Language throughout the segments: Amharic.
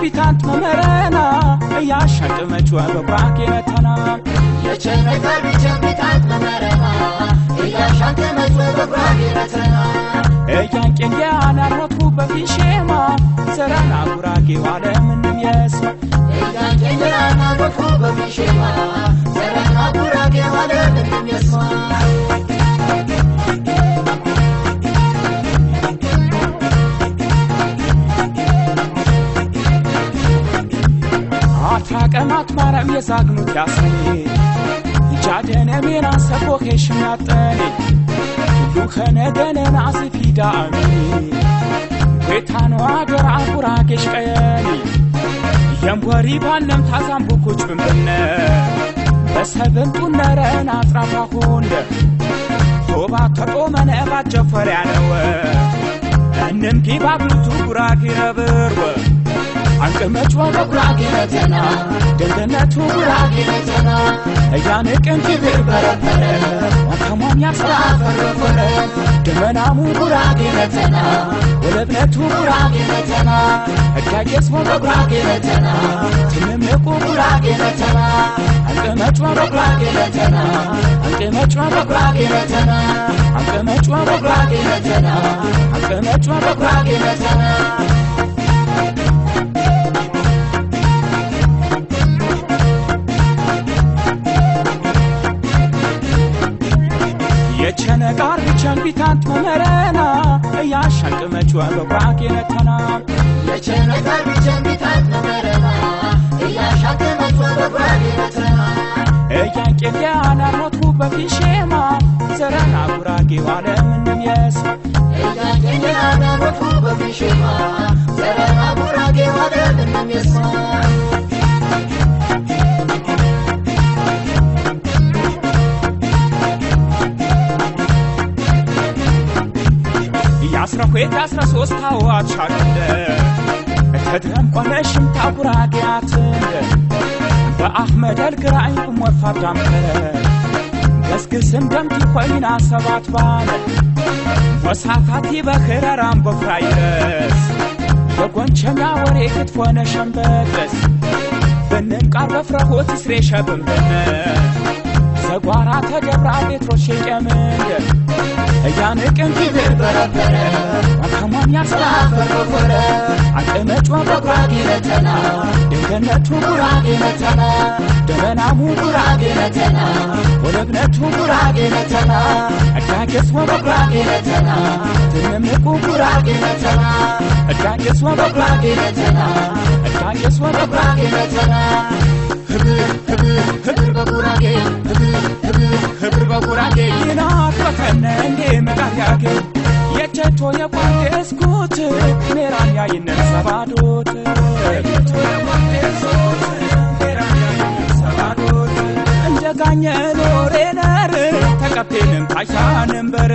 ቢታት መመረና እያሻቅ መቹ አበባ ኬነተና የቸነታ ቢቸቢታት በፊሼማ ዘራና ጉራጌ ዋለ ምንም የስማ እያንቄን ያናረቱ በፊሼማ ዘራና ጉራጌ ዋለ ምንም የስማ ሳግኑት ያሰኔ እጃደነ ሜና ሰቦኬ ሽሚያጠኔ ሁሉ ከነገነን አስፊዳ አሚኒ ቤታኖ አገር አኩራጌሽ ቀየኒ የምወሪ ባነም ታዛም ቡኩች ብንብነ በሰብን ጡነረን አጥራፋ ሆንደ ቶባ ተጦመነ ባጀፈሪያ ነወ እንም ጊባብኑቱ ጉራጌ ረብር አንቅመቿ በጉራጌ በተና ደንደነቱ ጉራጌ በተና እያነቅን ክብር በረበረ ዋካሟን ያስራ ፈረፈረ ደመናሙ ጉራጌ ወለብነቱ ጉራጌ በተና እዳጌስሞ በጉራጌ በተና ትንምንቁ ጉራጌ በተና አንቅመቿ በጉራጌ በተና አንቅመቿ በጉራጌ በተና አንቅመቿ በጉራጌ በተና አንቅመቿ ሸክመቹ አበባ ኬነተና የቸነታ ቢቸሚታት በፊሼማ ዘረና ጉራጌ ዋለ የስ እያቄቴ አናኖቱ በፊሼማ ዘረና ጉራጌ ዋለ የስ ኩዌት አስራ ሶስት አዋት ሻቅለ ተድረም ቆረሽም ታጉራጊያት በአሕመድ አልግራይ እሞርፋ ዳምከረ ገስግስም ደምቲ ኮይና ሰባት ባለ ወሳፋቲ በክረራም በፍራይረስ የጎንቸኛ ወሬ ክትፎነ ሸምበቅስ ብንን ቃር በፍረሆት ስሬሸብምብነ ተጓራ ተገብራ ቤትሮች የጨምንድ እያንቅን ግብር በረበረ ያስላፈረወረ አቀመጯ ተጉራጌ መተና ድንገነቱ ጉራጌ መተና ደመናሙ ጉራጌ መተና ወለብነቱ ጉራጌ መተና እዳቄስ ወበጉራጌ መተና ትንምቁ ጉራጌ መተና እዳቄስ ወበጉራጌ መተና እዳቄስ ወበጉራጌ መተና ህብር ህብር ህብር በጉራጌ ህብር ህብር ህብር በጉራጌ ይናፈከነ እንዴ መጋያጌ ጀቾ የቋንቴስኩት ሜራያ ይነሰባዶት እንደ ጋኘ ሎሬነር ተቀቤንም ታሻንንበር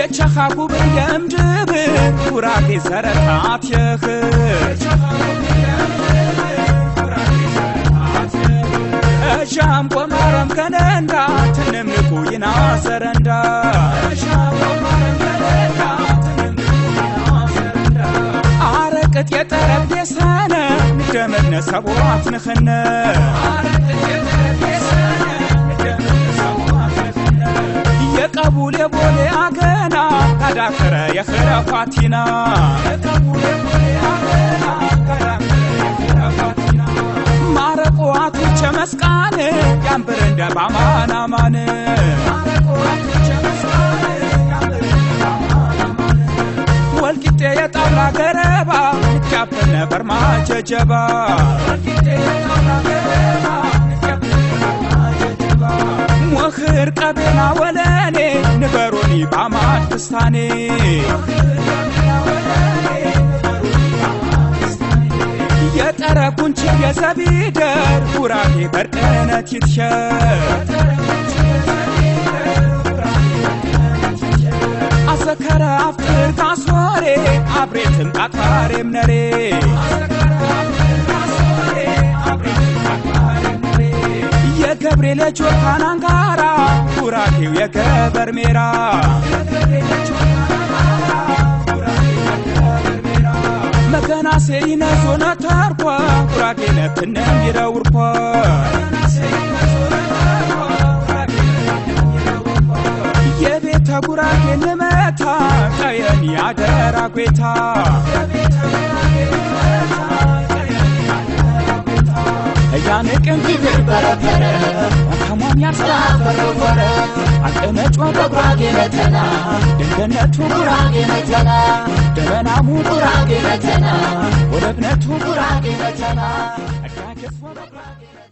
የቸኻኩ ብየምድብ ኩራቴ ሰረታት የኽ ሻምቆመ ከነንዳ ትንም ንቁ ይና ሰረንዳ አረቅት የጠረጴሰነ ንደመድነ ሰቡራት ንኽነ የቀቡል የቦሌ አገና ካዳከረ የኽረ ፋቲና የቀቡል የቦሌ አገና ካዳከረ አትቸ መስቃን ያንብር እንደ ባማናማን ወልቂጤ የጣውላ ገረባ ንቻብነ ነበር ማጀጀባ ወክር ቀቤና ወለኔ ንበሩኒ ባማድ ፍስታኔ ተረኩንቺ የሰቢደር ጉራጌ በርጠነት ይትሸር አሰከረ አፍጥር ካስወሬ አብሬትም ቃቃሬም ነሬ የገብርኤል ጆካናንጋራ ጉራጌው የገበር ሜራ መከና ሴሪነ ታርኳ ኩራኬነ ትነ ሚረውርኳ የቤተ ኩራኬን መታ ቀየን ያደራ ጌታ እያንቅን ክብር በረበረ nyarsaa Hanqinachuu gurraagee nattana dandannatuu gurraagee nattana dabalaamuu gurraagee nattana